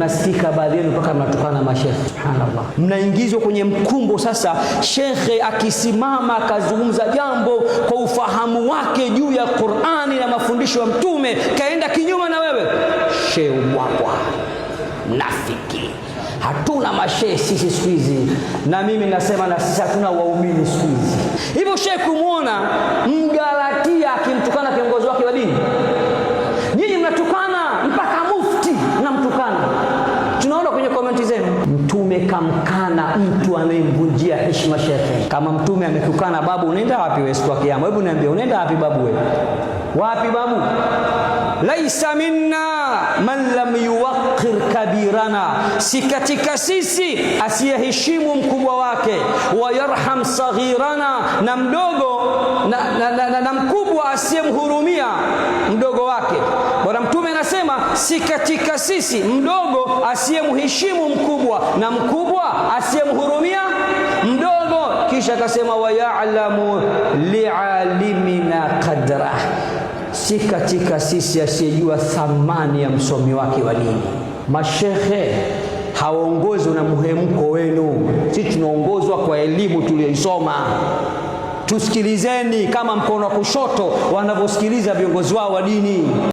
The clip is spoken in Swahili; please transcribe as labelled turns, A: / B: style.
A: mnasikika baadhi yenu mpaka mnatukana mashekhe. Subhanallah, mnaingizwa kwenye mkumbo sasa. Shekhe akisimama akazungumza jambo kwa ufahamu wake juu ya Qur'ani na mafundisho ya Mtume, kaenda kinyuma na wewe, sheuwakwa mnafiki. Hatuna mashehe sisi siku hizi, na mimi nasema na sisi hatuna waumini siku hizi. Hivyo shehe kumwona mga Mtume kamkana mtu anayemvunjia heshima shekhe. Kama Mtume ametukana babu, unaenda wapi wewe siku ya Kiyama? Hebu niambie, unaenda wapi babu? Wewe wapi babu? Laisa minna man lam yuwaqir kabirana, si katika sisi asiyeheshimu mkubwa wake, wayarham saghirana, na mdogo na, na, na, na, na mkubwa asiyemhurumia mdogo wake anasema si katika sisi mdogo asiyemheshimu mkubwa na mkubwa asiyemhurumia mdogo. Kisha akasema wayalamu lialimina qadra, si katika sisi asiyejua thamani ya msomi wake wa dini. Mashekhe hawaongozwi na muhemko wenu, sisi tunaongozwa kwa elimu tuliyoisoma. Tusikilizeni kama mkono wa kushoto wanavyosikiliza viongozi wao wa dini.